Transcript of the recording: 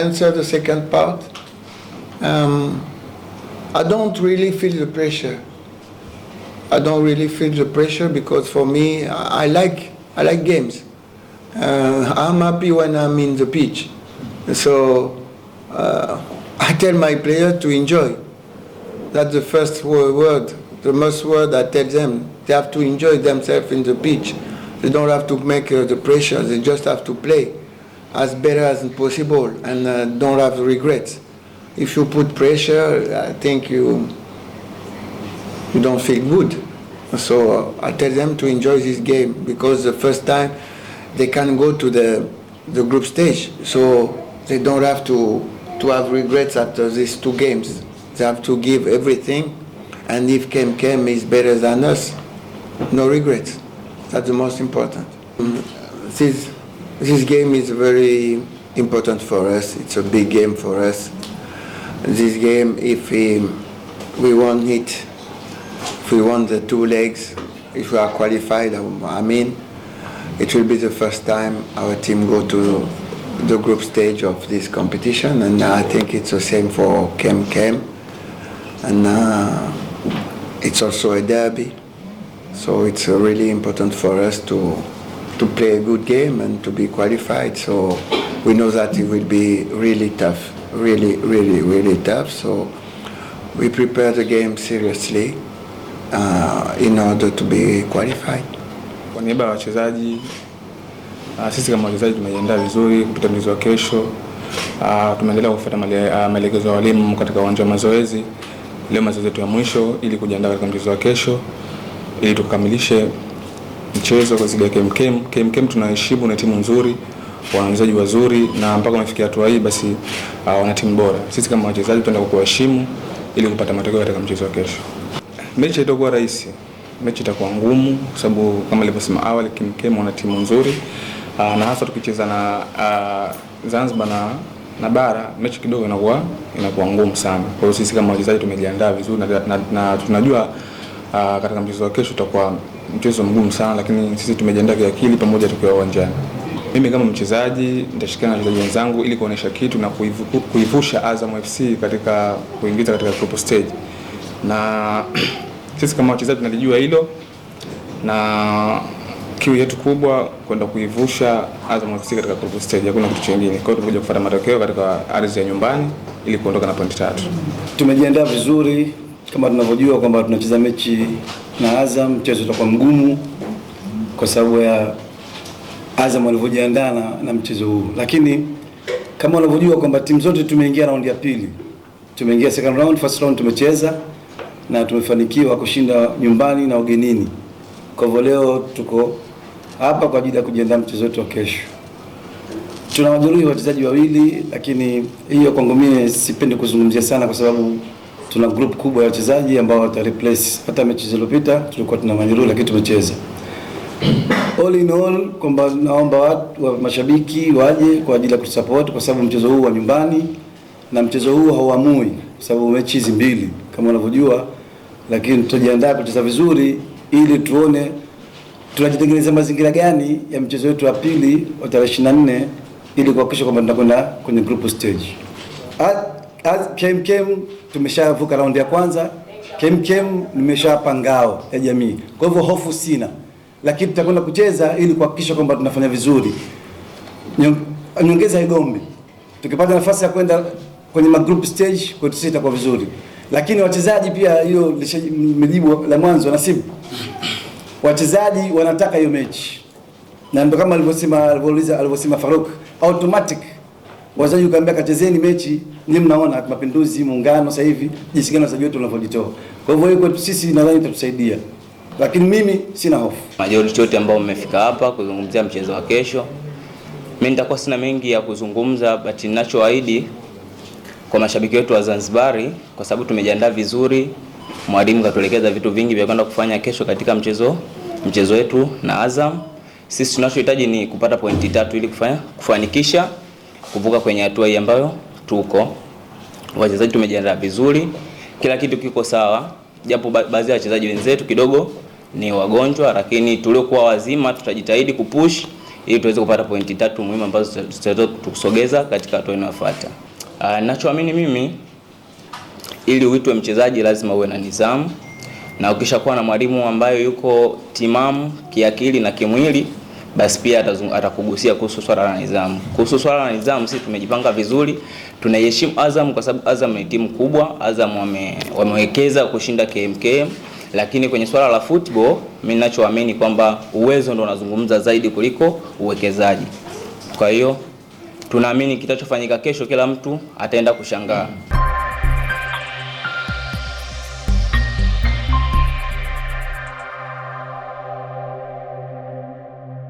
answer the second part. Um, I don't really feel the pressure. I don't really feel the pressure because for me, I, I like I like games. Uh, I'm happy when I'm in the pitch. So uh, I tell my players to enjoy. That's the first word, the most word I tell them. They have to enjoy themselves in the pitch. They don't have to make uh, the pressure. They just have to play as better as possible and uh, don't have regrets. If you put pressure, I think you you don't feel good. So uh, I tell them to enjoy this game because the first time they can go to the the group stage, so they don't have to to have regrets after these two games. They have to give everything, and if Kem Kem is better than us, no regrets. That's the most important. Mm, this this game is very important for us. It's a big game for us. This game, if um, we, we want it, if we want the two legs, if we are qualified, I mean, it will be the first time our team go to the group stage of this competition, and I think it's the same for Kem Kem, and uh, it's also a derby, so it's really important for us to to play a good game and to be qualified. So we know that it will be really tough, really, really, really tough. So we prepare the game seriously uh, in order to be qualified. Kwa niaba ya wachezaji uh, sisi kama wachezaji tumejiandaa vizuri kupita mchezo wa kesho. Uh, tumeendelea kufuata uh, maelekezo ya walimu katika uwanja wa mazoezi. Leo mazoezi yetu ya mwisho ili kujiandaa katika mchezo wa kesho ili tukamilishe mchezo kwa sababu ya KMKM. KMKM tunaheshimu na timu nzuri, waanzaji wazuri na mpaka wamefikia hatua hii basi uh, wana timu bora. Sisi kama wachezaji tunataka kuwaheshimu ili kupata matokeo katika mchezo wa kesho. Mechi itakuwa rahisi. Mechi itakuwa ngumu kwa sababu kama nilivyosema awali KMKM wana timu nzuri. Uh, na hasa tukicheza na uh, Zanzibar na na bara mechi kidogo inakuwa inakuwa ngumu sana. Kwa hiyo sisi kama wachezaji tumejiandaa vizuri na, na, na tunajua uh, katika mchezo wa kesho tutakuwa mchezo mgumu sana, lakini sisi tumejiandaa kiakili pamoja tukiwa uwanjani. Mimi kama mchezaji nitashikana na wachezaji wenzangu ili kuonesha kitu na kuivusha Azam FC katika kuingiza katika group stage, na sisi kama wachezaji tunalijua hilo na kiu yetu kubwa kwenda kuivusha Azam FC katika group stage, hakuna kitu kingine. Kwa hiyo tumekuja kufuata matokeo katika ardhi ya nyumbani ili kuondoka na pointi tatu. Tumejiandaa vizuri. Kama tunavyojua kwamba tunacheza mechi na Azam, mchezo utakuwa mgumu kwa sababu ya Azam walivyojiandaa na mchezo huu, lakini kama unavyojua kwamba timu zote tumeingia raundi ya pili, tumeingia second round, first round tumecheza na tumefanikiwa kushinda nyumbani na ugenini. Kwa hivyo leo tuko hapa kwa ajili ya kujiandaa mchezo wetu wa kesho. Tuna wachezaji wawili, lakini hiyo kwangu mimi sipendi kuzungumzia sana kwa sababu tuna group kubwa ya wachezaji ambao wata replace. Hata mechi zilizopita tulikuwa tuna majeruhi lakini tumecheza. All in all, kwamba naomba watu wa mashabiki waje kwa ajili ya kusupport kwa sababu mchezo huu wa nyumbani na mchezo huu hauamui, kwa sababu mechi hizi mbili kama unavyojua, lakini tutajiandaa kucheza vizuri ili tuone tunajitengeneza mazingira gani ya mchezo wetu wa pili wa tarehe 24 ili kuhakikisha kwamba tunakwenda kwenye group stage. At ah, As KMKM tumeshavuka raundi ya kwanza. KMKM nimeshapa ngao ya jamii, kwa hivyo hofu sina, lakini tutakwenda kucheza ili kuhakikisha kwamba tunafanya vizuri. Nyongeza igombe, tukipata nafasi ya kwenda kwenye ma group stage kwetu sisi itakuwa vizuri, lakini wachezaji pia, hiyo mjibu la mwanzo na simu, wachezaji wanataka hiyo mechi, na ndio kama alivyosema alivyosema Faruk automatic wachezaji ukaambia kachezeni mechi ni mnaona mapinduzi muungano sasa hivi jinsi gani wachezaji wetu wanavyojitoa. Kwa hivyo hiyo kwetu sisi nadhani itatusaidia, lakini mimi sina hofu. Majority yote ambao mmefika hapa kuzungumzia mchezo wa kesho, mimi nitakuwa sina mengi ya kuzungumza, but ninachoahidi kwa mashabiki wetu wa Zanzibari, kwa sababu tumejiandaa vizuri, mwalimu katuelekeza vitu vingi vya kwenda kufanya kesho katika mchezo mchezo wetu na Azam. Sisi tunachohitaji ni kupata pointi tatu ili kufanya kufanikisha kuvuka kwenye hatua hii ambayo tuko. Wachezaji tumejiandaa vizuri, kila kitu kiko sawa, japo baadhi ya wachezaji wenzetu kidogo ni wagonjwa, lakini tuliokuwa wazima tutajitahidi kupush ili tuweze kupata pointi tatu muhimu ambazo tutaweza kusogeza katika hatua inayofuata. Ah, ninachoamini mimi, ili uitwe mchezaji lazima uwe na nidhamu, na ukishakuwa na mwalimu ambaye yuko timamu kiakili na kimwili basi pia atakugusia kuhusu swala la nidhamu. Kuhusu swala la nidhamu, sisi tumejipanga vizuri, tunaiheshimu Azam kwa sababu Azam ni timu kubwa. Azam wame, wamewekeza kushinda KMKM, lakini kwenye swala la football mimi ninachoamini kwamba uwezo ndio unazungumza zaidi kuliko uwekezaji. Kwa hiyo tunaamini kitachofanyika kesho kila mtu ataenda kushangaa.